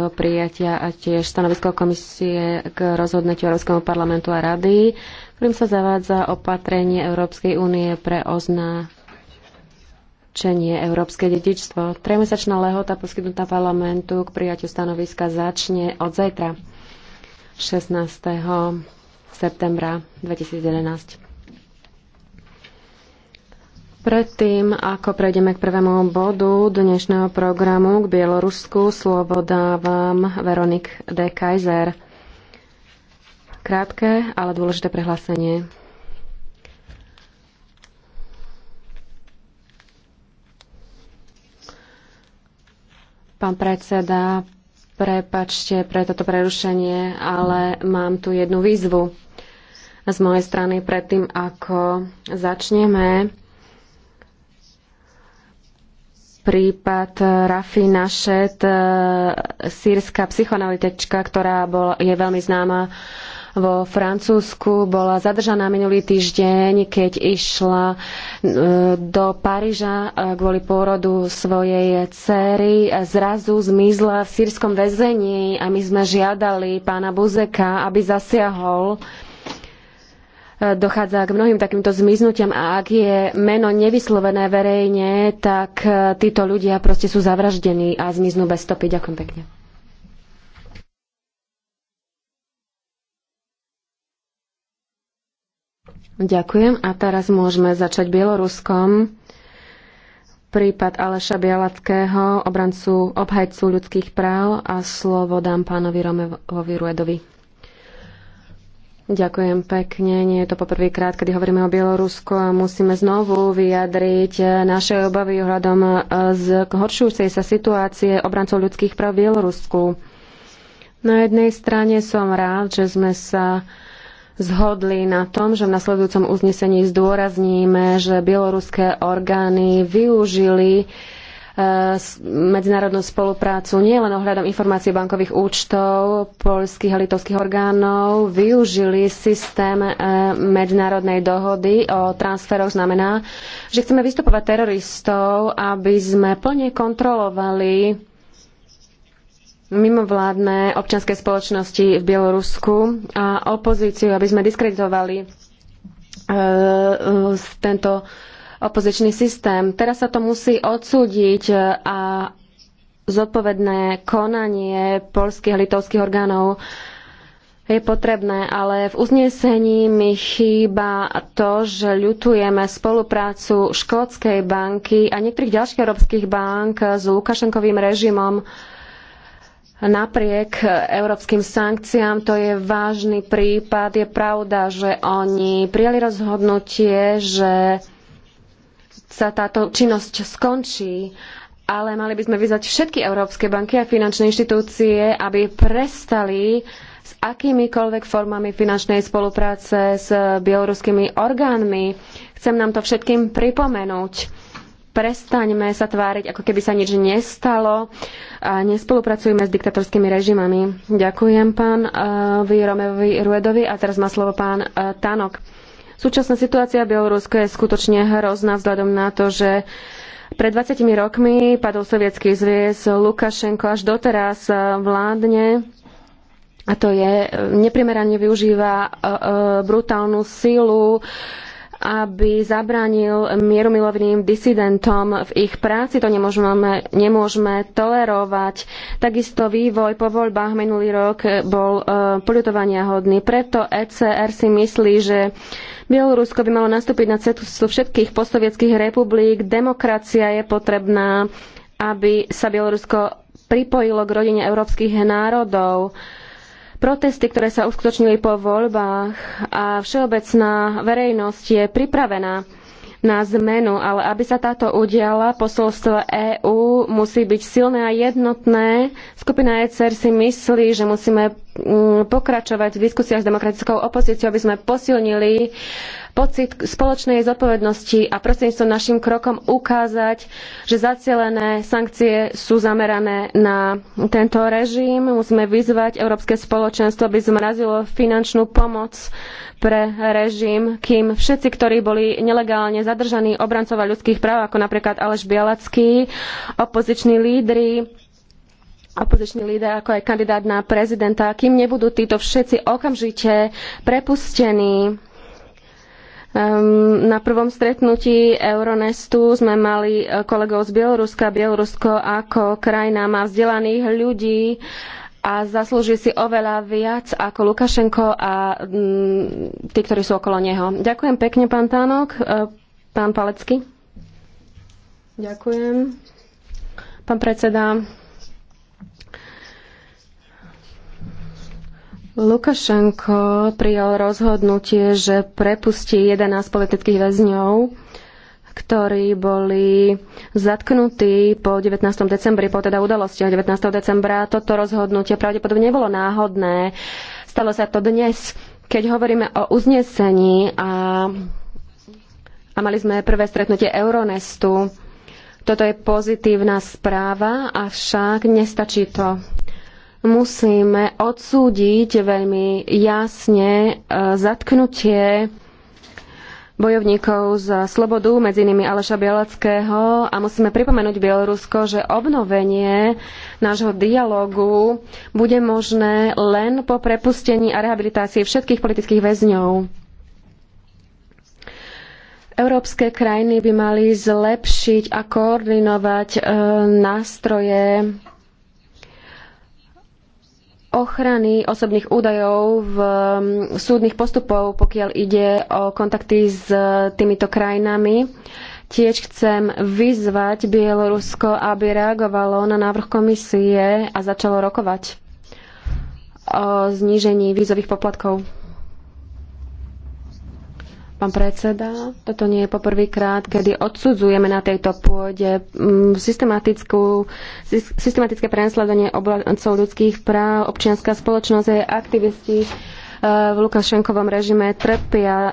jeho prijatia a tiež stanovisko komisie k rozhodnutiu Európskeho parlamentu a rady, ktorým sa zavádza opatrenie Európskej únie pre Čenie Európske dedičstvo. Trojmesačná lehota poskytnutá parlamentu k prijatiu stanoviska začne od zajtra 16. septembra 2011. Predtým, ako prejdeme k prvému bodu dnešného programu k Bielorusku, slovo dávam Veronik D. Kaiser. Krátke, ale dôležité prehlásenie. Pán predseda, prepačte pre toto prerušenie, ale mám tu jednu výzvu z mojej strany predtým, ako začneme prípad Rafi Našet, e, sírska psychoanalytička, ktorá bol, je veľmi známa vo Francúzsku, bola zadržaná minulý týždeň, keď išla e, do Paríža e, kvôli pôrodu svojej cery. Zrazu zmizla v sírskom väzení a my sme žiadali pána Buzeka, aby zasiahol dochádza k mnohým takýmto zmiznutiam a ak je meno nevyslovené verejne, tak e, títo ľudia proste sú zavraždení a zmiznú bez stopy. Ďakujem pekne. Ďakujem a teraz môžeme začať Bieloruskom. Prípad Aleša Bialackého, obrancu, obhajcu ľudských práv a slovo dám pánovi Romevovi Ruedovi. Ďakujem pekne. Nie je to poprvýkrát, kedy hovoríme o Bielorusku a musíme znovu vyjadriť naše obavy ohľadom e, z horšujúcej sa situácie obrancov ľudských práv v Bielorusku. Na jednej strane som rád, že sme sa zhodli na tom, že v nasledujúcom uznesení zdôrazníme, že bieloruské orgány využili uh, E, medzinárodnú spoluprácu nielen ohľadom informácií bankových účtov poľských a litovských orgánov, využili systém e, medzinárodnej dohody o transferoch. Znamená, že chceme vystupovať teroristov, aby sme plne kontrolovali mimovládne občianske spoločnosti v Bielorusku a opozíciu, aby sme diskreditovali e, tento opozičný systém. Teraz sa to musí odsúdiť e, a zodpovedné konanie poľských a litovských orgánov je potrebné, ale v uznesení mi chýba to, že ľutujeme spoluprácu Škótskej banky a niektorých ďalších európskych bank s Lukašenkovým režimom napriek európskym sankciám. To je vážny prípad. Je pravda, že oni prijali rozhodnutie, že sa táto činnosť skončí, ale mali by sme vyzvať všetky európske banky a finančné inštitúcie, aby prestali s akýmikoľvek formami finančnej spolupráce s bieloruskými orgánmi. Chcem nám to všetkým pripomenúť. Prestaňme sa tváriť, ako keby sa nič nestalo a nespolupracujme s diktatorskými režimami. Ďakujem pán uh, eh, Výromevi Ruedovi a teraz má slovo pán uh, Tanok. Súčasná situácia Bieloruska je skutočne hrozná vzhľadom na to, že pred 20 rokmi padol sovietský zviez Lukašenko až doteraz eh, vládne a to je eh, neprimerane využíva eh, brutálnu silu, aby zabránil mierumilovným disidentom v ich práci. To nemôžeme, nemôžeme tolerovať. Takisto vývoj po voľbách minulý rok bol e, poľutovania hodný. Preto ECR si myslí, že Bielorusko by malo nastúpiť na cestu všetkých postsovietských republik. Demokracia je potrebná, aby sa Bielorusko pripojilo k rodine európskych národov. E, Protesty, ktoré sa uskutočnili po voľbách a všeobecná verejnosť je pripravená na zmenu, ale aby sa táto udiala, posolstvo EÚ musí byť silné a jednotné. Skupina ECR si myslí, že musíme Mm, pokračovať v diskusiách s demokratickou opozíciou, aby sme posilnili pocit spoločnej zodpovednosti a prostredníctvom našim krokom ukázať, že zacielené sankcie sú zamerané na tento režim. Musíme vyzvať Európske spoločenstvo, aby zmrazilo finančnú pomoc pre režim, kým všetci, ktorí boli nelegálne zadržaní, obrancovia ľudských práv, ako napríklad Aleš Bielacký, opoziční lídri, opozičný líder, ako aj kandidát na prezidenta, kým nebudú títo všetci okamžite prepustení. Um, na prvom stretnutí Euronestu sme mali e, kolegov z Bieloruska. Bielorusko ako krajina má vzdelaných ľudí a zaslúži si oveľa viac ako Lukašenko a um, tí, ktorí sú okolo neho. Ďakujem pekne, pán Tánok. E, pán Palecký. Ďakujem. Pán predseda, Lukašenko prijal rozhodnutie, že prepustí 11 politických väzňov, ktorí boli zatknutí po 19. decembri, po teda udalostiach 19. decembra. Toto rozhodnutie pravdepodobne nebolo náhodné. Stalo sa to dnes, keď hovoríme o uznesení a, a mali sme prvé stretnutie Euronestu. Toto je pozitívna správa, avšak nestačí to musíme odsúdiť veľmi jasne e, zatknutie bojovníkov za slobodu, medzi nimi Aleša Bielackého a musíme pripomenúť Bielorusko, že obnovenie nášho dialogu bude možné len po prepustení a rehabilitácii všetkých politických väzňov. Európske krajiny by mali zlepšiť a koordinovať e, nástroje ochrany osobných údajov v súdnych postupov, pokiaľ ide o kontakty s týmito krajinami. Tiež chcem vyzvať Bielorusko, aby reagovalo na návrh komisie a začalo rokovať o znížení vízových poplatkov. Pán predseda, toto nie je poprvýkrát, kedy odsudzujeme na tejto pôde mm, systematické prenasledovanie oblancov ľudských práv, občianská spoločnosť a jej aktivisti e, v Lukašenkovom režime trpia. E,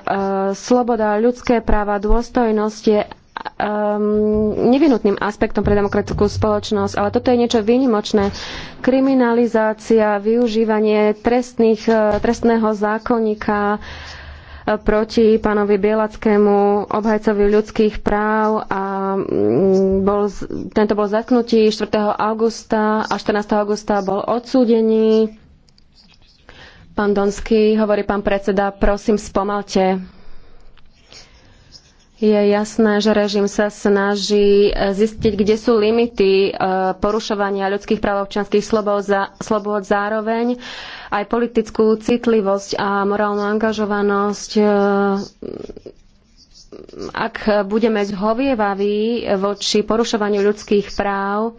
sloboda, ľudské práva, dôstojnosť je um, nevinutným aspektom pre demokratickú spoločnosť, ale toto je niečo výnimočné. Kriminalizácia, využívanie trestných, e, trestného zákonníka, uh, proti pánovi Bielackému, obhajcovi ľudských práv a mm, bol, tento bol zatknutý 4. augusta a 14. augusta bol odsúdený. Pán Donský, hovorí pán predseda, prosím spomalte. Je jasné, že režim sa snaží e, zistiť, kde sú limity e, porušovania ľudských práv občianských slobod, zároveň aj politickú citlivosť a morálnu angažovanosť. E, ak budeme zhovievaví voči porušovaniu ľudských práv,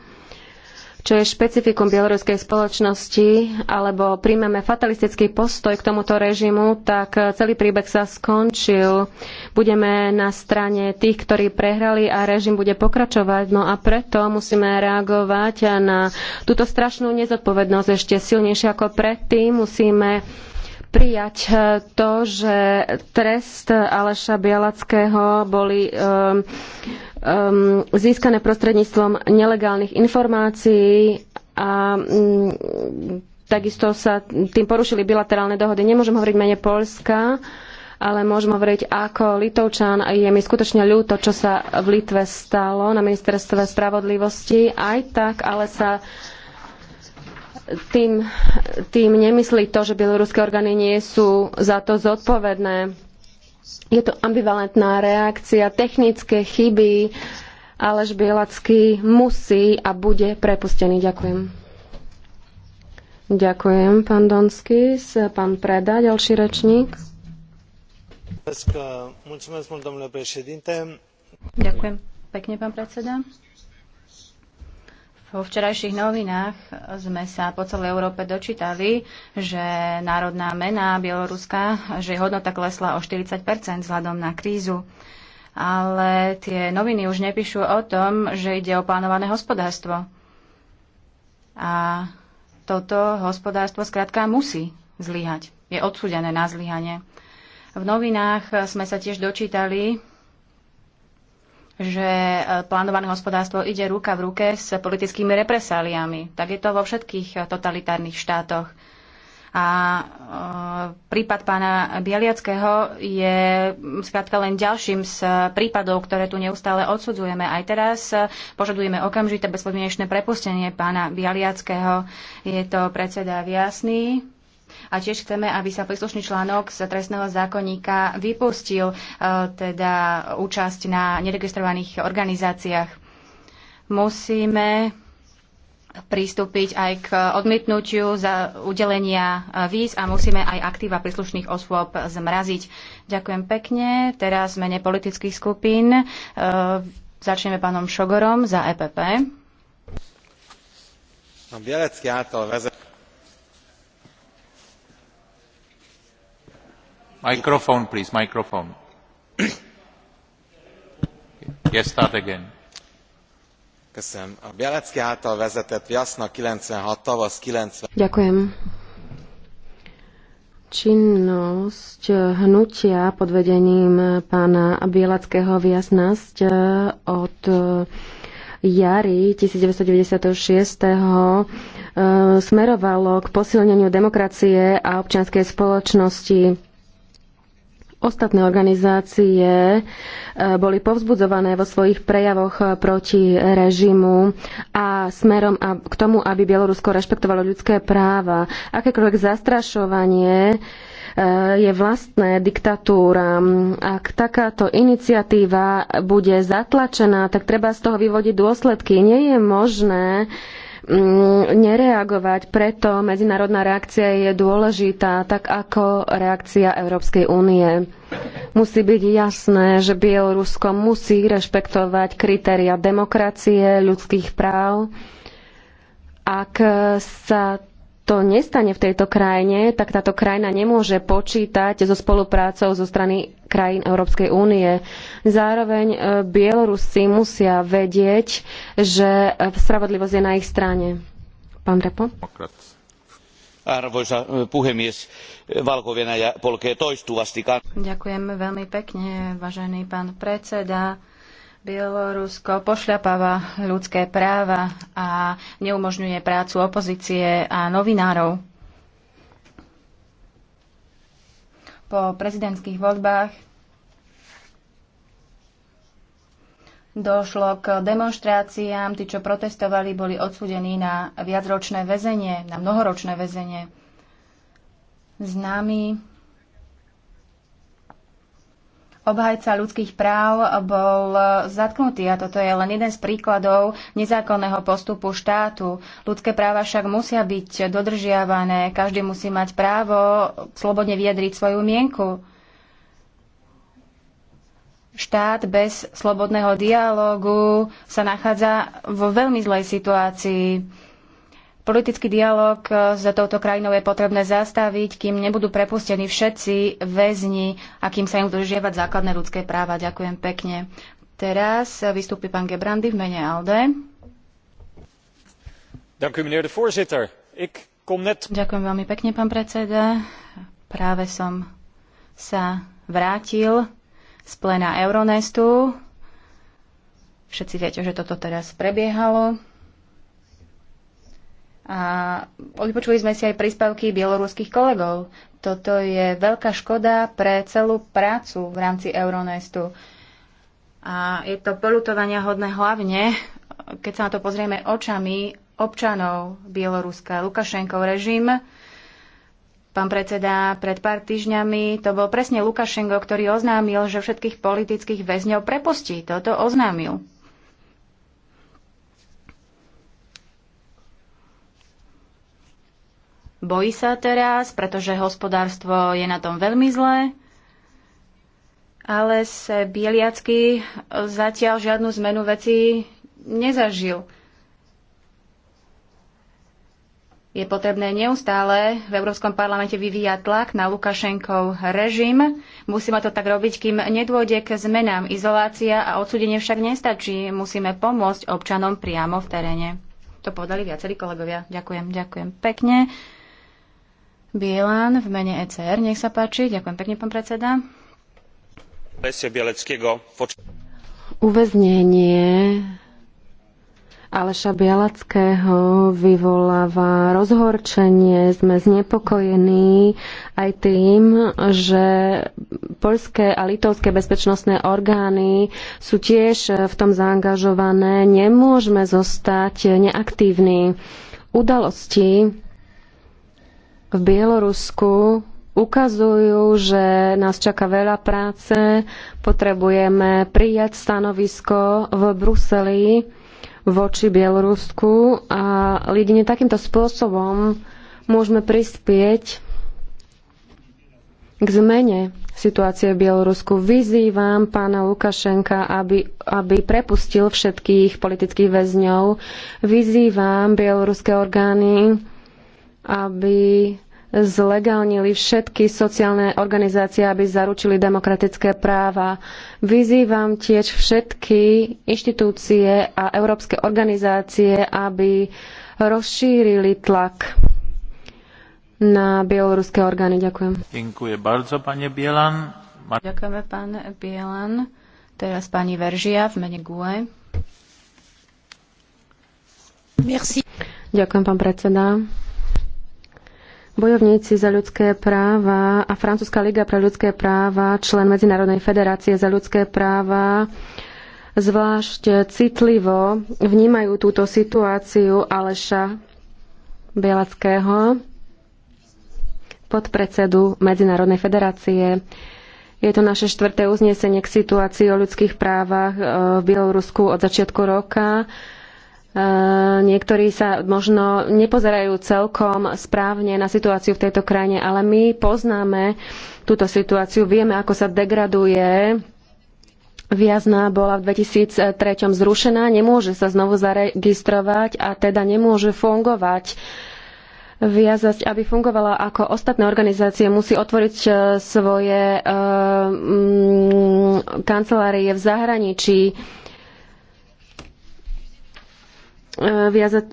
čo je špecifikum bieloruskej spoločnosti, alebo príjmeme fatalistický postoj k tomuto režimu, tak celý príbeh sa skončil. Budeme na strane tých, ktorí prehrali a režim bude pokračovať. No a preto musíme reagovať na túto strašnú nezodpovednosť ešte silnejšie ako predtým. Musíme prijať eh, to, že trest Aleša Bialackého boli um, um, získané prostredníctvom nelegálnych informácií a um, takisto sa tým porušili bilaterálne dohody. Nemôžem hovoriť mene Polska, ale môžem hovoriť ako Litovčan. Je mi skutočne ľúto, čo sa v Litve stalo na ministerstve spravodlivosti. Aj tak, ale sa tým, tým nemyslí to, že bieloruské orgány nie sú za to zodpovedné. Je to ambivalentná reakcia, technické chyby, Aleš Bielacký musí a bude prepustený. Ďakujem. Ďakujem, pán Donský. Pán Preda, ďalší rečník. Ďakujem pekne, pán predseda. Vo včerajších novinách sme sa po celej Európe dočítali, že národná mena Bieloruska, že hodnota klesla o 40 vzhľadom na krízu. Ale tie noviny už nepíšu o tom, že ide o plánované hospodárstvo. A toto hospodárstvo skrátka musí zlyhať. Je odsudené na zlyhanie. V novinách sme sa tiež dočítali, že e, plánované hospodárstvo ide ruka v ruke s politickými represáliami. Tak je to vo všetkých e, totalitárnych štátoch. A e, prípad pána Bieliackého je skrátka len ďalším z e, prípadov, ktoré tu neustále odsudzujeme. Aj teraz požadujeme okamžité bezpodmienečné prepustenie pána Bieliackého. Je to predseda Viasný, a tiež chceme, aby sa príslušný článok z trestného zákonníka vypustil, e, teda účasť na neregistrovaných organizáciách. Musíme pristúpiť aj k odmietnutiu za udelenia e, víz a musíme aj aktíva príslušných osôb zmraziť. Ďakujem pekne. Teraz mene politických skupín. E, začneme pánom Šogorom za EPP. A A által vezetett Jasna tavasz Činnosť eh, hnutia pod vedením pána Bielackého v jasnosť eh, od eh, jary 1996 smerovalo k posilneniu demokracie a občianskej spoločnosti ostatné organizácie e, boli povzbudzované vo svojich prejavoch e, proti režimu a smerom k tomu, aby Bielorusko rešpektovalo ľudské práva. Akékoľvek zastrašovanie e, je vlastné diktatúra. Ak takáto iniciatíva bude zatlačená, tak treba z toho vyvodiť dôsledky. Nie je možné Mm, nereagovať. Preto medzinárodná reakcia je dôležitá, tak ako reakcia Európskej únie. Musí byť jasné, že Bielorusko musí rešpektovať kritéria demokracie, ľudských práv. Ak sa to nestane v tejto krajine, tak táto krajina nemôže počítať so spoluprácou zo strany krajín Európskej únie. Zároveň e, Bielorusi musia vedieť, že e, spravodlivosť je na ich strane. Pán Repo? Arvoisa e, puhemies, valko polkee toistuvasti. Ďakujem veľmi pekne, vážený pán predseda. Bielorusko pošľapáva ľudské práva a neumožňuje prácu opozície a novinárov. Po prezidentských voľbách došlo k demonstráciám. Tí, čo protestovali, boli odsudení na viacročné väzenie, na mnohoročné väzenie. Známy obhajca ľudských práv bol zatknutý a toto je len jeden z príkladov nezákonného postupu štátu. Ľudské práva však musia byť dodržiavané, každý musí mať právo slobodne vyjadriť svoju mienku. Štát bez slobodného dialógu sa nachádza vo veľmi zlej situácii Politický dialog e, s touto krajinou je potrebné zastaviť, kým nebudú prepustení všetci väzni a kým sa im dodržiavať základné ľudské práva. Ďakujem pekne. Teraz vystúpi pán Gebrandy v mene ALDE. Ďakujem veľmi pekne, pán predseda. Práve som sa vrátil z plena Euronestu. Všetci viete, že toto teraz prebiehalo. A odpočuli sme si aj príspevky bieloruských kolegov. Toto je veľká škoda pre celú prácu v rámci Euronestu. A je to polutovania hodné hlavne, keď sa na to pozrieme očami občanov Bieloruska. Lukašenkov režim, pán predseda, pred pár týždňami to bol presne Lukašenko, ktorý oznámil, že všetkých politických väzňov prepustí. Toto oznámil. Bojí sa teraz, pretože hospodárstvo je na tom veľmi zlé. Ale Bieliacky zatiaľ žiadnu zmenu veci nezažil. Je potrebné neustále v Európskom parlamente vyvíjať tlak na Lukašenkov režim. Musíme to tak robiť, kým nedôjde k zmenám. Izolácia a odsudenie však nestačí. Musíme pomôcť občanom priamo v teréne. To povedali viacerí kolegovia. Ďakujem, ďakujem pekne. Bielan v mene ECR. Nech sa páči. Ďakujem pekne, pán predseda. Uväznenie Aleša Bialackého vyvoláva rozhorčenie. Sme znepokojení aj tým, že poľské a litovské bezpečnostné orgány sú tiež v tom zaangažované. Nemôžeme zostať neaktívni. Udalosti v Bielorusku ukazujú, že nás čaká veľa práce, potrebujeme prijať stanovisko v Bruseli voči Bielorusku a jedine takýmto spôsobom môžeme prispieť k zmene situácie v Bielorusku. Vyzývam pána Lukašenka, aby, aby prepustil všetkých politických väzňov. Vyzývam bieloruské orgány, aby zlegálnili všetky sociálne organizácie, aby zaručili demokratické práva. Vyzývam tiež všetky inštitúcie a európske organizácie, aby rozšírili tlak na bieloruské orgány. Ďakujem. Ďakujem bardzo, pane Bielan. Ďakujeme, pán Bielan. Teraz pani Veržia v mene GUE. Merci. Ďakujem, pán predseda. Bojovníci za ľudské práva a Francúzska liga pre ľudské práva, člen Medzinárodnej federácie za ľudské práva, zvlášť citlivo vnímajú túto situáciu Aleša Bielackého, podpredsedu Medzinárodnej federácie. Je to naše štvrté uznesenie k situácii o ľudských právach e, v Bielorusku od začiatku roka. E, niektorí sa možno nepozerajú celkom správne na situáciu v tejto krajine, ale my poznáme túto situáciu, vieme, ako sa degraduje. Viazná bola v 2003 zrušená, nemôže sa znovu zaregistrovať a teda nemôže fungovať. Viazať, aby fungovala ako ostatné organizácie, musí otvoriť e, svoje e, kancelárie v zahraničí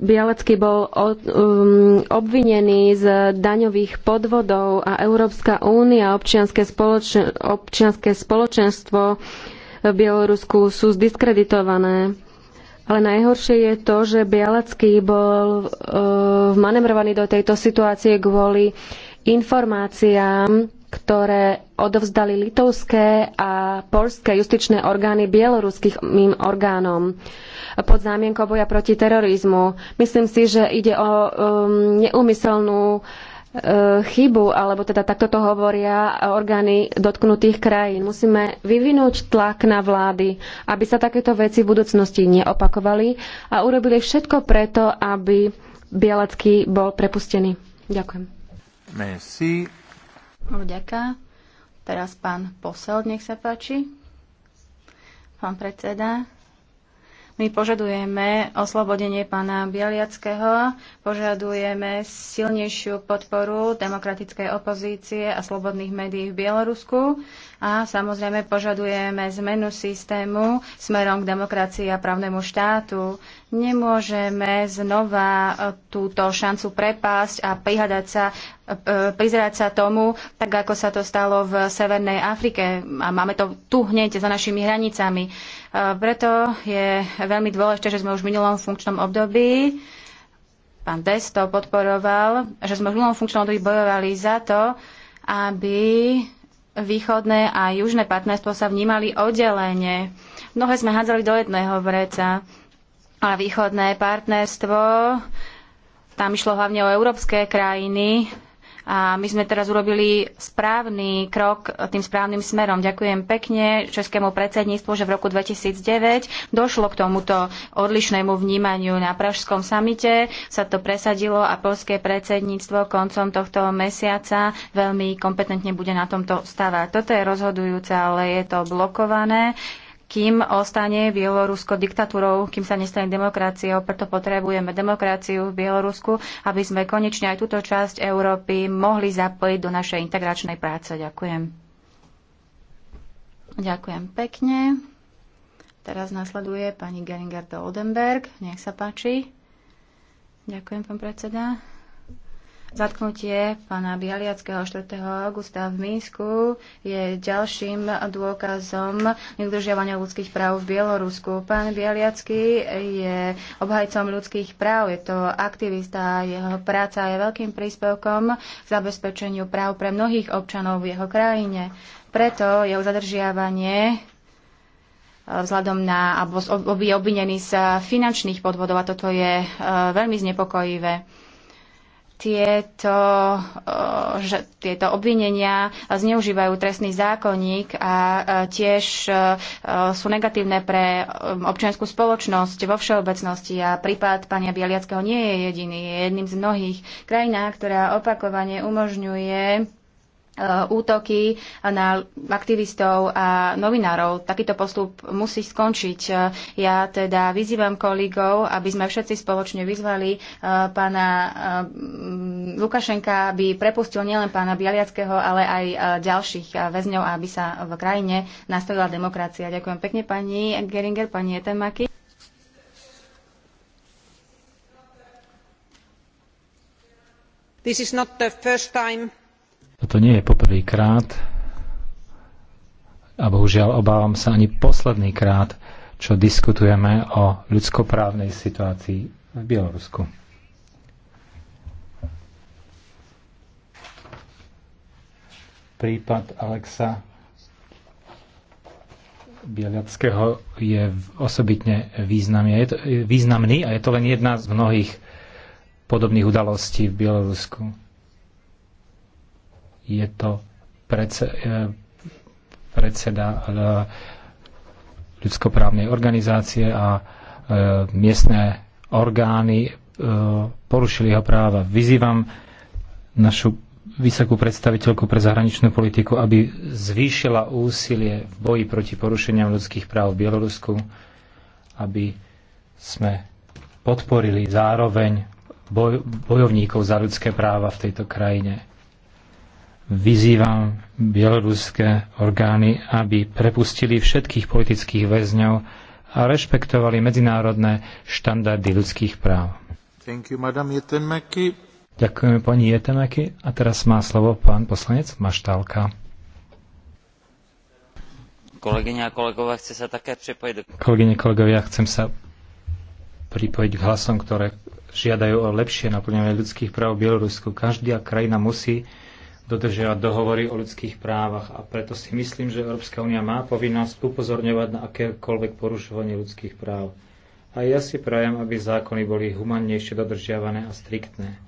Bialecký bol um, obvinený z daňových podvodov a Európska únia, občianske, spoločen- občianske spoločenstvo v Bielorusku sú zdiskreditované. Ale najhoršie je to, že Bialecký bol uh, vmanevrovaný do tejto situácie kvôli informáciám, ktoré odovzdali litovské a poľské justičné orgány bieloruským orgánom pod zámienkou boja proti terorizmu. Myslím si, že ide o um, neúmyselnú uh, chybu, alebo teda takto to hovoria orgány dotknutých krajín. Musíme vyvinúť tlak na vlády, aby sa takéto veci v budúcnosti neopakovali a urobili všetko preto, aby Bielacký bol prepustený. Ďakujem. Merci. Ďaká. Teraz pán posel, nech sa páči. Pán predseda. My požadujeme oslobodenie pána Bialiackého, požadujeme silnejšiu podporu demokratickej opozície a slobodných médií v Bielorusku a samozrejme požadujeme zmenu systému smerom k demokracii a právnemu štátu. Nemôžeme znova e, túto šancu prepásť a prihadať sa, e, prizerať sa tomu, tak ako sa to stalo v Severnej Afrike. A máme to tu hneď za našimi hranicami. E, preto je veľmi dôležité, že sme už v minulom funkčnom období pán Desto podporoval, že sme v minulom funkčnom období bojovali za to, aby východné a južné partnerstvo sa vnímali oddelenie. Mnohé sme hádzali do jedného vreca. A východné partnerstvo, tam išlo hlavne o európske krajiny, a my sme teraz urobili správny krok tým správnym smerom. Ďakujem pekne Českému predsedníctvu, že v roku 2009 došlo k tomuto odlišnému vnímaniu na Pražskom samite. Sa to presadilo a polské predsedníctvo koncom tohto mesiaca veľmi kompetentne bude na tomto stavať. Toto je rozhodujúce, ale je to blokované kým ostane Bielorusko diktatúrou, kým sa nestane demokraciou. Preto potrebujeme demokraciu v Bielorusku, aby sme konečne aj túto časť Európy mohli zapojiť do našej integračnej práce. Ďakujem. Ďakujem pekne. Teraz nasleduje pani Geringer Oldenberg. Nech sa páči. Ďakujem, pán predseda. Zatknutie pána Bialiackého 4. augusta v Mínsku je ďalším dôkazom nedržiavania ľudských práv v Bielorusku. Pán Bialiacký je obhajcom ľudských práv, je to aktivista, jeho práca je veľkým príspevkom k zabezpečeniu práv pre mnohých občanov v jeho krajine. Preto jeho zadržiavanie eh, vzhľadom na, alebo je obvinený z finančných podvodov a toto je eh, veľmi znepokojivé tieto, eh, že tieto obvinenia zneužívajú trestný zákonník a eh, tiež eh, sú negatívne pre občianskú spoločnosť vo všeobecnosti a prípad pani Bieliackého nie je jediný, je jedným z mnohých krajinách, ktorá opakovane umožňuje Eh, útoky na aktivistov a novinárov. Takýto postup musí skončiť. Eh, ja teda vyzývam kolegov, aby sme všetci spoločne vyzvali eh, pána Lukašenka, aby prepustil nielen pána Bialiackého, ale aj ďalších väzňov, aby sa v krajine nastavila demokracia. Ďakujem pekne pani Geringer, pani Etemaki. This is not the first time toto nie je poprvýkrát a bohužiaľ obávam sa ani posledný krát, čo diskutujeme o ľudskoprávnej situácii v Bielorusku. Prípad Alexa Bieliackého je osobitne významný. Je to, významný a je to len jedna z mnohých podobných udalostí v Bielorusku je to e, predseda e, ľudskoprávnej organizácie a e, miestne orgány porušili jeho práva. Vyzývam našu vysokú predstaviteľku pre zahraničnú politiku, aby zvýšila úsilie v boji proti porušeniam ľudských práv v Bielorusku, aby sme podporili zároveň boj, bojovníkov za ľudské práva v tejto krajine. Vyzývam bieloruské orgány, aby prepustili všetkých politických väzňov a rešpektovali medzinárodné štandardy ľudských práv. Thank you, madam Ďakujeme pani Jetenmeki. A teraz má slovo pán poslanec Maštálka. Kolegyne a kolegovia, chce sa také pripojiť. Kolegyne, kolegovia, chcem sa pripojiť k hlasom, ktoré žiadajú o lepšie naplňovanie ľudských práv v Bielorusku. Každá krajina musí dodržiavať dohovory o ľudských právach a preto si myslím, že Európska únia má povinnosť upozorňovať na akékoľvek porušovanie ľudských práv. A ja si prajem, aby zákony boli humannejšie dodržiavané a striktné.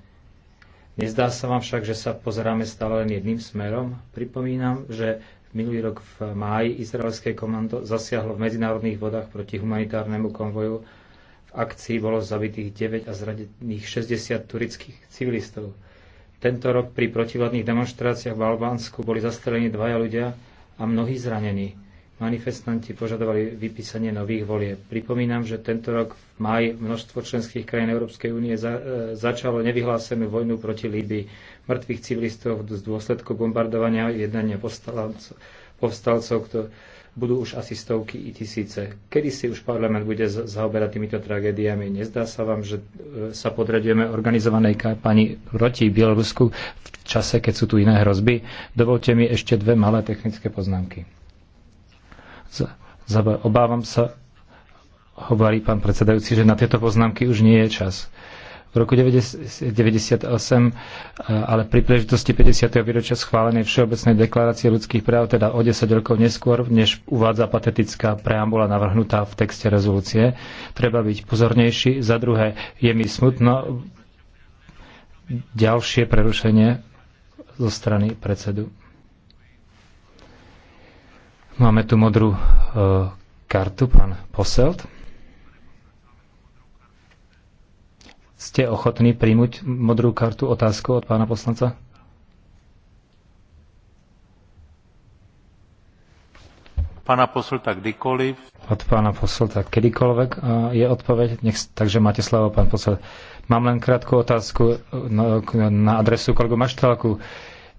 Nezdá sa vám však, že sa pozeráme stále len jedným smerom? Pripomínam, že minulý rok v máji izraelské komando zasiahlo v medzinárodných vodách proti humanitárnemu konvoju. V akcii bolo zabitých 9 a zradených 60 turických civilistov. Tento rok pri protivladných demonstráciách v Albánsku boli zastrelení dvaja ľudia a mnohí zranení. Manifestanti požadovali vypísanie nových volieb. Pripomínam, že tento rok v maj množstvo členských krajín Európskej únie za, e, začalo nevyhlásenú vojnu proti Líbii. Mŕtvych civilistov z dôsledku bombardovania jednania povstalcov, povstalcov budú už asi stovky i tisíce. Kedy si už parlament bude zaoberať týmito tragédiami? Nezdá sa vám, že e, sa podradujeme organizovanej kampani proti Bielorusku v čase, keď sú tu iné hrozby? Dovolte mi ešte dve malé technické poznámky. Obávam sa, hovorí pán predsedajúci, že na tieto poznámky už nie je čas v roku 1998, e, ale pri príležitosti 50. výročia schválenej Všeobecnej deklarácie ľudských práv, teda o 10 rokov neskôr, než uvádza patetická preambula navrhnutá v texte rezolúcie. Treba byť pozornejší. Za druhé, je mi smutno ďalšie prerušenie zo strany predsedu. Máme tu modrú e, kartu, pán Poselt. Ste ochotní príjmuť modrú kartu otázku od pána poslanca? Pána poslta kdykoliv. Od pána poslta kedykoľvek je odpoveď. Nech, takže máte slovo, pán posol. Mám len krátku otázku e, na, no, na adresu kolegu Maštalku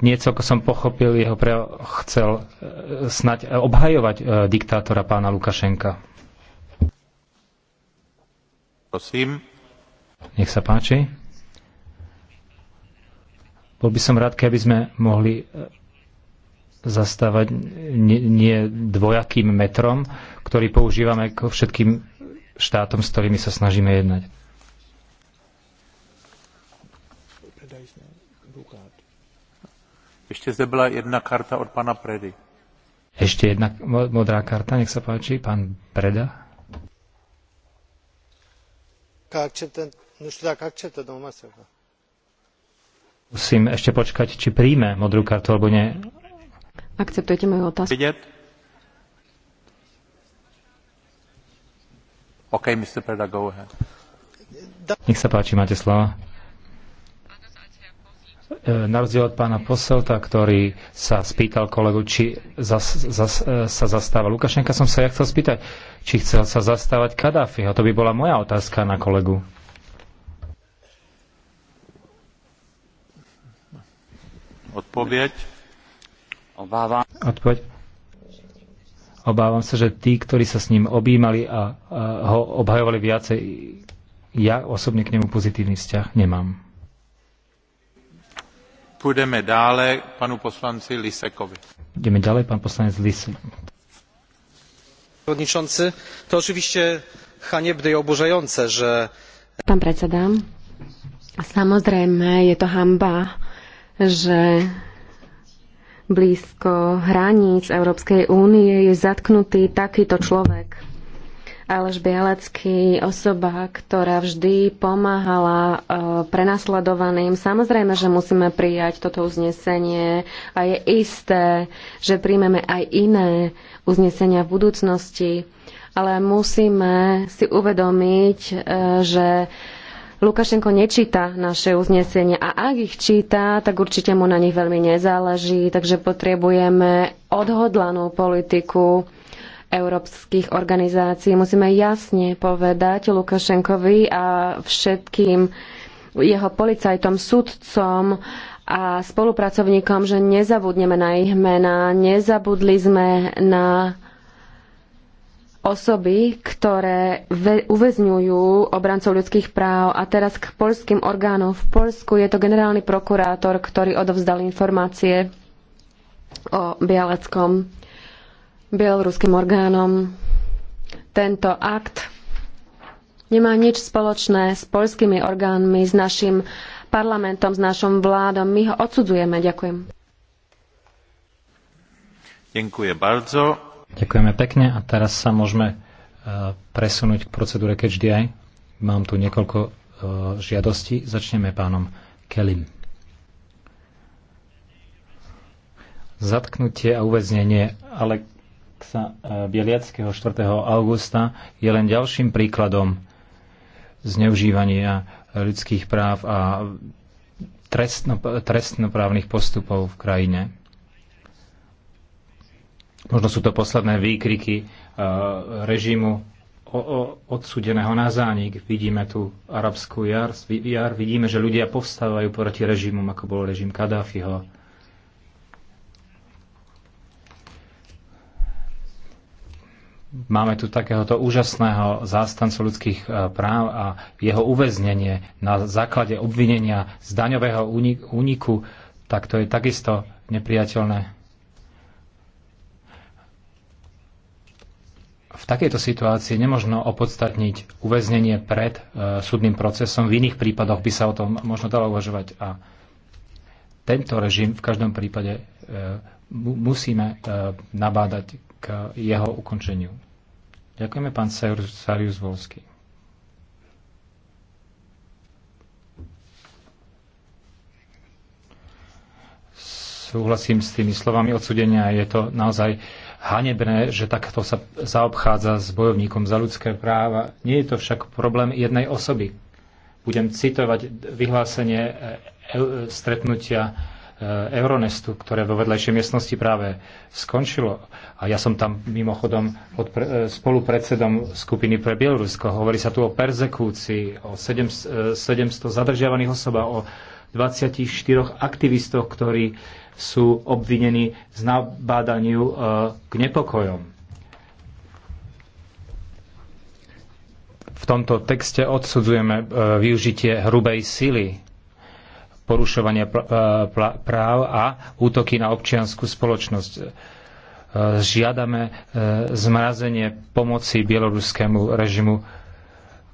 niečo, ako som pochopil, jeho pre chcel e, snať e, obhajovať diktátora pána Lukašenka. Prosím. Nech sa páči. Bol by som rád, keby sme mohli e, zastávať nie, dvojakým metrom, ktorý používame ko všetkým štátom, s ktorými sa snažíme jednať. Ešte zde bola jedna karta od pána Predy. Ešte jedna modrá karta, nech sa páči, pán Preda. Ca acceptăm Nu știu dacă acceptă domnul Maseva. Musím ešte počkať, či príjme modrú kartu, alebo nie. Akceptujete moju otázku? Vidieť? OK, Mr. Preda, go ahead. Nech sa páči, máte slova e, na rozdiel od pána Poselta, ktorý sa spýtal kolegu, či zas, zas, e, sa zastáva Lukašenka, som sa ja chcel spýtať, či chcel sa zastávať Kadáfiho. To by bola moja otázka na kolegu. Odpoveď. Obávam. Odpoveď. Obávam sa, že tí, ktorí sa s ním objímali a, a ho obhajovali viacej, ja osobne k nemu pozitívny vzťah nemám. Pôjdeme dále panu poslanci Lisekovi. Ideme ďalej, pán poslanec Lisek. Przewodniczący, to oczywiście haniebne i oburzające, że... Pán predseda, samozrejme je to hamba, že blízko hraníc Európskej únie je zatknutý takýto človek. Aleš Bialacký, osoba, ktorá vždy pomáhala e, prenasledovaným. Samozrejme, že musíme prijať toto uznesenie a je isté, že príjmeme aj iné uznesenia v budúcnosti, ale musíme si uvedomiť, e, že Lukašenko nečíta naše uznesenia a ak ich číta, tak určite mu na nich veľmi nezáleží, takže potrebujeme odhodlanú politiku európskych organizácií. Musíme jasne povedať Lukašenkovi a všetkým jeho policajtom, sudcom a spolupracovníkom, že nezabudneme na ich mená, nezabudli sme na osoby, ktoré uväzňujú obrancov ľudských práv a teraz k poľským orgánom. V Poľsku je to generálny prokurátor, ktorý odovzdal informácie o Bialeckom bieloruským orgánom. Tento akt nemá nič spoločné s poľskými orgánmi, s našim parlamentom, s našom vládom. My ho odsudzujeme. Ďakujem. Ďakujem bardzo. Ďakujeme pekne a teraz sa môžeme e, presunúť k procedúre KHDI. Mám tu niekoľko e, žiadostí. Začneme pánom Kelim. Zatknutie a uväznenie Alexa e, Bieliackého 4. augusta je len ďalším príkladom zneužívania ľudských práv a trestno, trestnoprávnych postupov v krajine. Možno sú to posledné výkriky uh, režimu odsudeného na zánik. Vidíme tu arabskú jar, jar, vidíme, že ľudia povstávajú proti režimu, ako bol režim Kadáfiho. Máme tu takéhoto úžasného zástancu ľudských uh, práv a jeho uväznenie na základe obvinenia z daňového úniku, tak to je takisto nepriateľné. v takejto situácii nemožno opodstatniť uväznenie pred e, súdnym procesom. V iných prípadoch by sa o tom možno dalo uvažovať. A tento režim v každom prípade e, musíme e, nabádať k jeho ukončeniu. Ďakujeme, pán Sarius Volsky. Súhlasím s tými slovami odsudenia. Je to naozaj uh, hanebné, že takto sa zaobchádza s bojovníkom za ľudské práva. Nie je to však problém jednej osoby. Budem citovať vyhlásenie e, e, stretnutia e, Euronestu, ktoré vo vedlejšej miestnosti práve skončilo. A ja som tam mimochodom pod pre, spolupredsedom skupiny pre Bielorusko. Hovorí sa tu o perzekúcii, o 700 zadržiavaných osob a o 24 aktivistoch, ktorí sú obvinení z nabádaniu e, k nepokojom. V tomto texte odsudzujeme e, využitie hrubej sily, porušovanie e, práv a útoky na občianskú spoločnosť. Žiadame zmrazenie pomoci bieloruskému režimu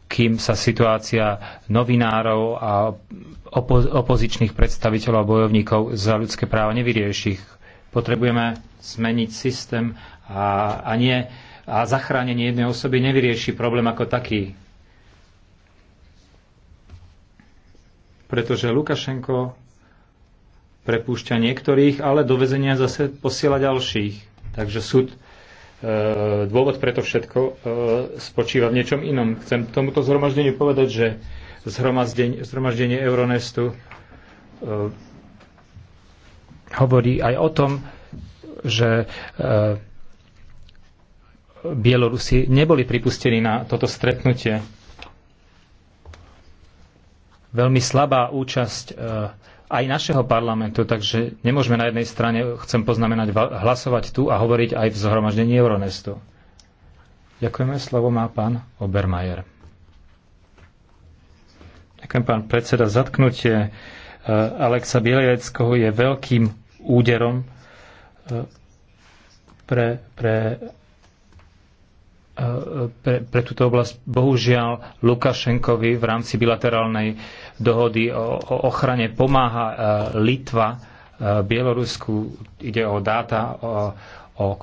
kým sa situácia novinárov a opo- opozičných predstaviteľov a bojovníkov za ľudské práva nevyrieši. Potrebujeme zmeniť systém a, a, nie, a zachránenie jednej osoby nevyrieši problém ako taký. Pretože Lukašenko prepúšťa niektorých, ale do vezenia zase posiela ďalších. Takže súd E, dôvod to všetko e, spočíva v niečom inom. Chcem tomuto zhromaždeniu povedať, že zhromaždenie Euronestu e, hovorí aj o tom, že Bielorusi neboli pripustení na toto stretnutie. Veľmi slabá účasť aj našeho parlamentu, takže nemôžeme na jednej strane, chcem poznamenať, hlasovať tu a hovoriť aj v zhromaždení Euronestu. Ďakujeme, slovo má pán Obermajer. Ďakujem, pán predseda. Zatknutie e, Alexa Bielieckého je veľkým úderom e, pre, pre pre, pre túto oblasť. Bohužiaľ, Lukašenkovi v rámci bilaterálnej dohody o, o ochrane pomáha e, Litva, e, Bielorusku, ide o dáta o, o, e,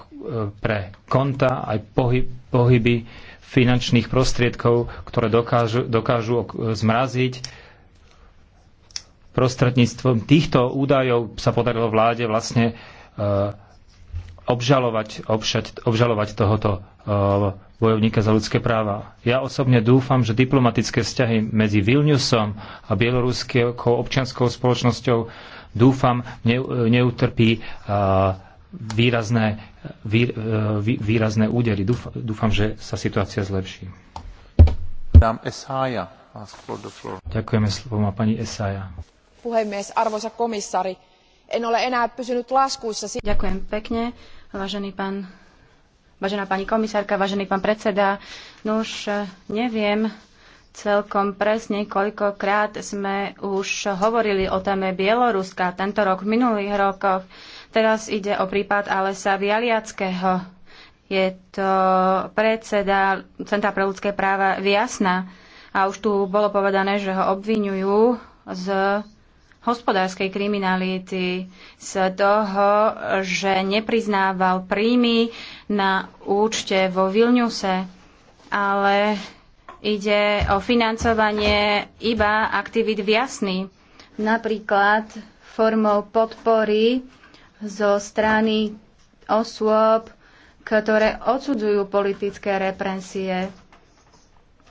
pre konta aj pohyb, pohyby finančných prostriedkov, ktoré dokážu, dokážu zmraziť prostredníctvom týchto údajov sa podarilo vláde vlastne obžalovať, obšať, obžalovať tohoto uh, bojovníka za ľudské práva. Ja osobne dúfam, že diplomatické vzťahy medzi Vilniusom a bieloruskou občianskou spoločnosťou dúfam ne, neutrpí uh, výrazné, uh, vý, výrazné údery. Dúfam, dúfam, že sa situácia zlepší. Ďakujeme slovo má pani Esaja. Puhemies, arvoisa komissari, en ole enää pysynyt laskuissa. Ďakujem pekne, vážený pán, vážená pani komisárka, vážený pán predseda. No už neviem celkom presne, koľkokrát sme už hovorili o téme Bieloruska tento rok, v minulých rokoch. Teraz ide o prípad Alesa Vialiackého. Je to predseda Centra pre ľudské práva Viasna. A už tu bolo povedané, že ho obvinujú z hospodárskej kriminality, z toho, že nepriznával príjmy na účte vo Vilniuse, ale ide o financovanie iba aktivít v Jasný, napríklad formou podpory zo strany osôb, ktoré odsudzujú politické represie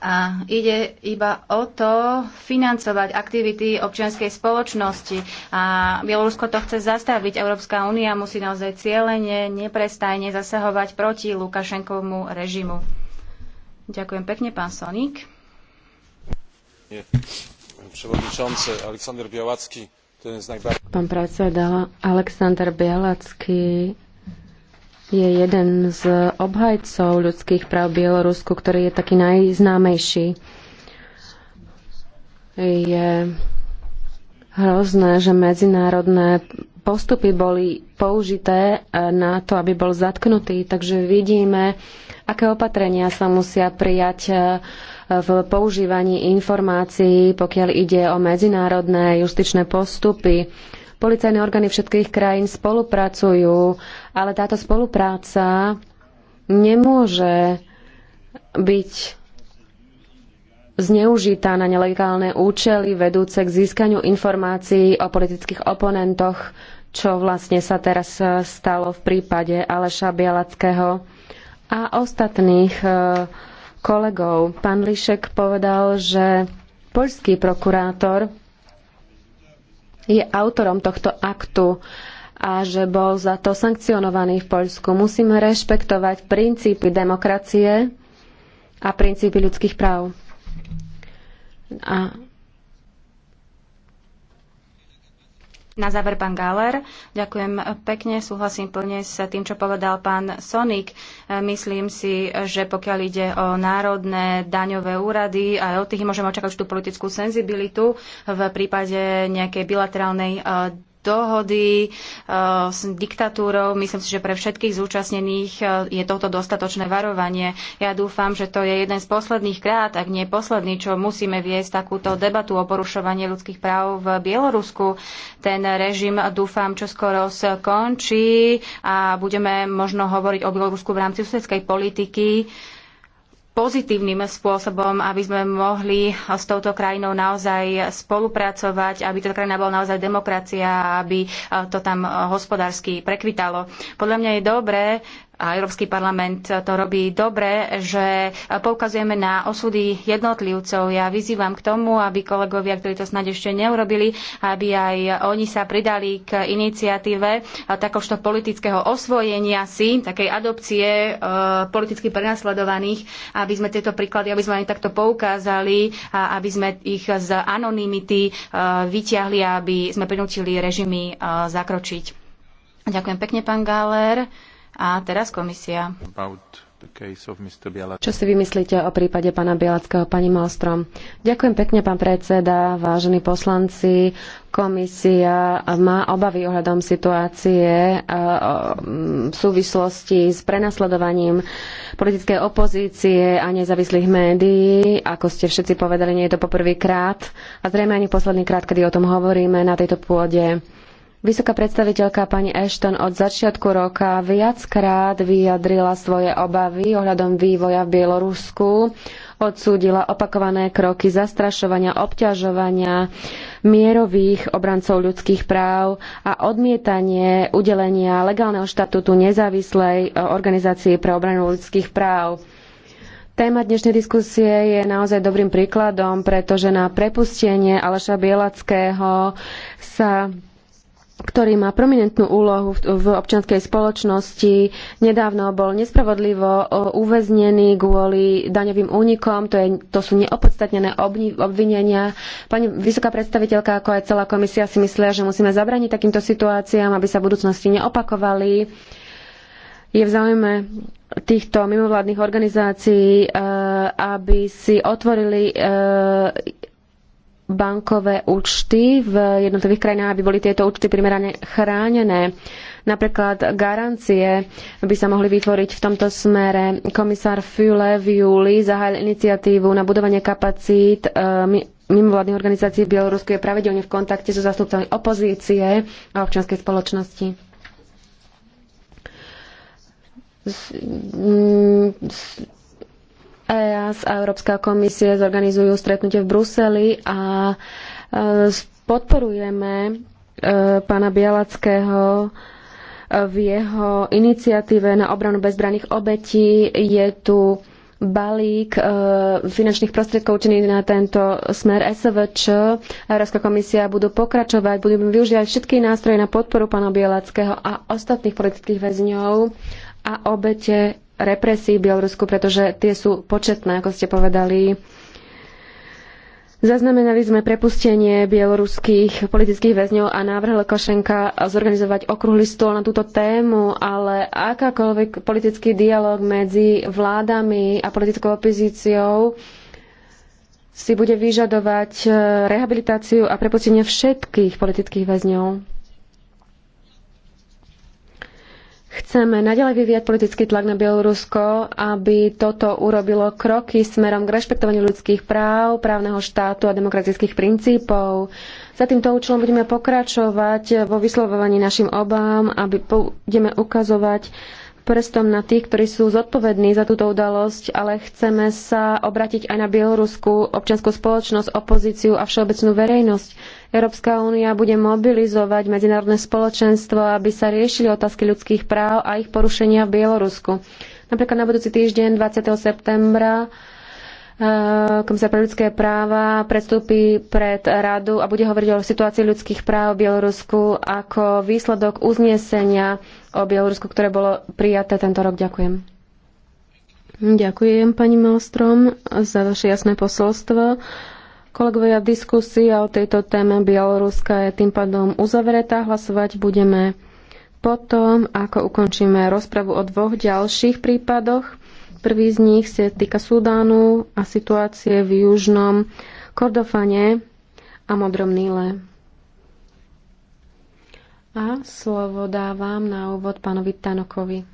a ide iba o to financovať aktivity občianskej spoločnosti. A Bielorusko to chce zastaviť. Európska únia musí naozaj cieľene, neprestajne zasahovať proti Lukašenkovmu režimu. Ďakujem pekne, pán Sonik. Pán predseda, Aleksandr Bielacký je jeden z obhajcov ľudských práv v Bielorusku, ktorý je taký najznámejší. Je hrozné, že medzinárodné postupy boli použité e, na to, aby bol zatknutý. Takže vidíme, aké opatrenia sa musia prijať e, v používaní informácií, pokiaľ ide o medzinárodné justičné postupy. Policajné orgány všetkých krajín spolupracujú, ale táto spolupráca nemôže byť zneužitá na nelegálne účely vedúce k získaniu informácií o politických oponentoch, čo vlastne sa teraz e, stalo v prípade Aleša Bielackého a ostatných e, kolegov. Pán Lišek povedal, že poľský prokurátor je autorom tohto aktu a že bol za to sankcionovaný v Poľsku. Musíme rešpektovať princípy demokracie a princípy ľudských práv. A Na záver pán Galer, ďakujem pekne, súhlasím plne s tým, čo povedal pán Sonik. E, myslím si, že pokiaľ ide o národné daňové úrady, aj od tých môžeme očakávať tú politickú senzibilitu v prípade nejakej bilaterálnej e, dohody eh, s diktatúrou. Myslím si, že pre všetkých zúčastnených eh, je toto dostatočné varovanie. Ja dúfam, že to je jeden z posledných krát, ak nie posledný, čo musíme viesť takúto debatu o porušovaní ľudských práv v Bielorusku. Ten režim dúfam, čo skoro skončí a budeme možno hovoriť o Bielorusku v rámci susedskej politiky pozitívnym spôsobom, aby sme mohli s touto krajinou naozaj spolupracovať, aby táto krajina bola naozaj demokracia, aby eh, to tam eh, hospodársky prekvitalo. Podľa mňa je dobré, a Európsky parlament to robí dobre, že poukazujeme na osudy jednotlivcov. Ja vyzývam k tomu, aby kolegovia, ktorí to snad ešte neurobili, aby aj oni sa pridali k iniciatíve takovšto politického osvojenia si, takej adopcie e, politicky prenasledovaných, aby sme tieto príklady, aby sme aj takto poukázali a aby sme ich z anonymity e, vyťahli, aby sme prinútili režimy e, zakročiť. Ďakujem pekne, pán Galer. A teraz komisia. Čo si vymyslíte o prípade pána Bielackého, pani Malstrom? Ďakujem pekne, pán predseda, vážení poslanci. Komisia má obavy ohľadom situácie e, v súvislosti s prenasledovaním politickej opozície a nezávislých médií. Ako ste všetci povedali, nie je to poprvýkrát a zrejme ani posledný krát, kedy o tom hovoríme na tejto pôde. Vysoká predstaviteľka pani Ashton od začiatku roka viackrát vyjadrila svoje obavy ohľadom vývoja v Bielorusku, odsúdila opakované kroky zastrašovania, obťažovania mierových obrancov ľudských práv a odmietanie udelenia legálneho štatútu nezávislej e, organizácie pre obranu ľudských práv. Téma dnešnej diskusie je naozaj dobrým príkladom, pretože na prepustenie Aleša Bielackého sa ktorý má prominentnú úlohu v občianskej spoločnosti. Nedávno bol nespravodlivo e, uväznený kvôli daňovým únikom. To, je, to sú neopodstatnené obvinenia. Pani vysoká predstaviteľka, ako aj celá komisia si myslia, že musíme zabraniť takýmto situáciám, aby sa v budúcnosti neopakovali. Je v záujme týchto mimovládnych organizácií, e, aby si otvorili e, bankové účty v jednotlivých krajinách, aby boli tieto účty primerane chránené. Napríklad garancie by sa mohli vytvoriť v tomto smere. Komisár Füle v júli zahájil iniciatívu na budovanie kapacít e, mimovládnych organizácií v Bielorusku je pravidelne v kontakte so zastupcami opozície a občianskej spoločnosti. S, EAS a Európska komisie zorganizujú stretnutie v Bruseli a e, podporujeme e, pána Bielackého e, v jeho iniciatíve na obranu bezbraných obetí. Je tu balík finančných prostriedkov určený na tento smer SVČ. Európska komisia budú pokračovať, budú využívať všetky nástroje na podporu pána Bielackého a ostatných politických väzňov a obete represí v Bielorusku, pretože tie sú početné, ako ste povedali. Zaznamenali sme prepustenie bieloruských politických väzňov a návrh Lukašenka zorganizovať okrúhly stôl na túto tému, ale akákoľvek politický dialog medzi vládami a politickou opozíciou si bude vyžadovať eh, rehabilitáciu a prepustenie všetkých politických väzňov. Chceme naďalej vyvíjať politický tlak na Bielorusko, aby toto urobilo kroky smerom k rešpektovaniu ľudských práv, právneho štátu a demokratických princípov. Za týmto účelom budeme pokračovať vo vyslovovaní našim obám, aby budeme ukazovať prstom na tých, ktorí sú zodpovední za túto udalosť, ale chceme sa obrátiť aj na bieloruskú občianskú spoločnosť, opozíciu a všeobecnú verejnosť Európska únia bude mobilizovať medzinárodné spoločenstvo, aby sa riešili otázky ľudských práv a ich porušenia v Bielorusku. Napríklad na budúci týždeň 20. septembra e, Komisár pre ľudské práva predstúpi pred radu a bude hovoriť o situácii ľudských práv v Bielorusku ako výsledok uznesenia o Bielorusku, ktoré bolo prijaté tento rok. Ďakujem. Ďakujem pani Malstrom za vaše jasné posolstvo. Kolegovia, diskusia o tejto téme Bieloruska je tým pádom uzavretá. Hlasovať budeme potom, ako ukončíme rozpravu o dvoch ďalších prípadoch. Prvý z nich sa týka Sudánu a situácie v južnom Kordofane a Modrom Níle. A slovo dávam na úvod pánovi Tanokovi.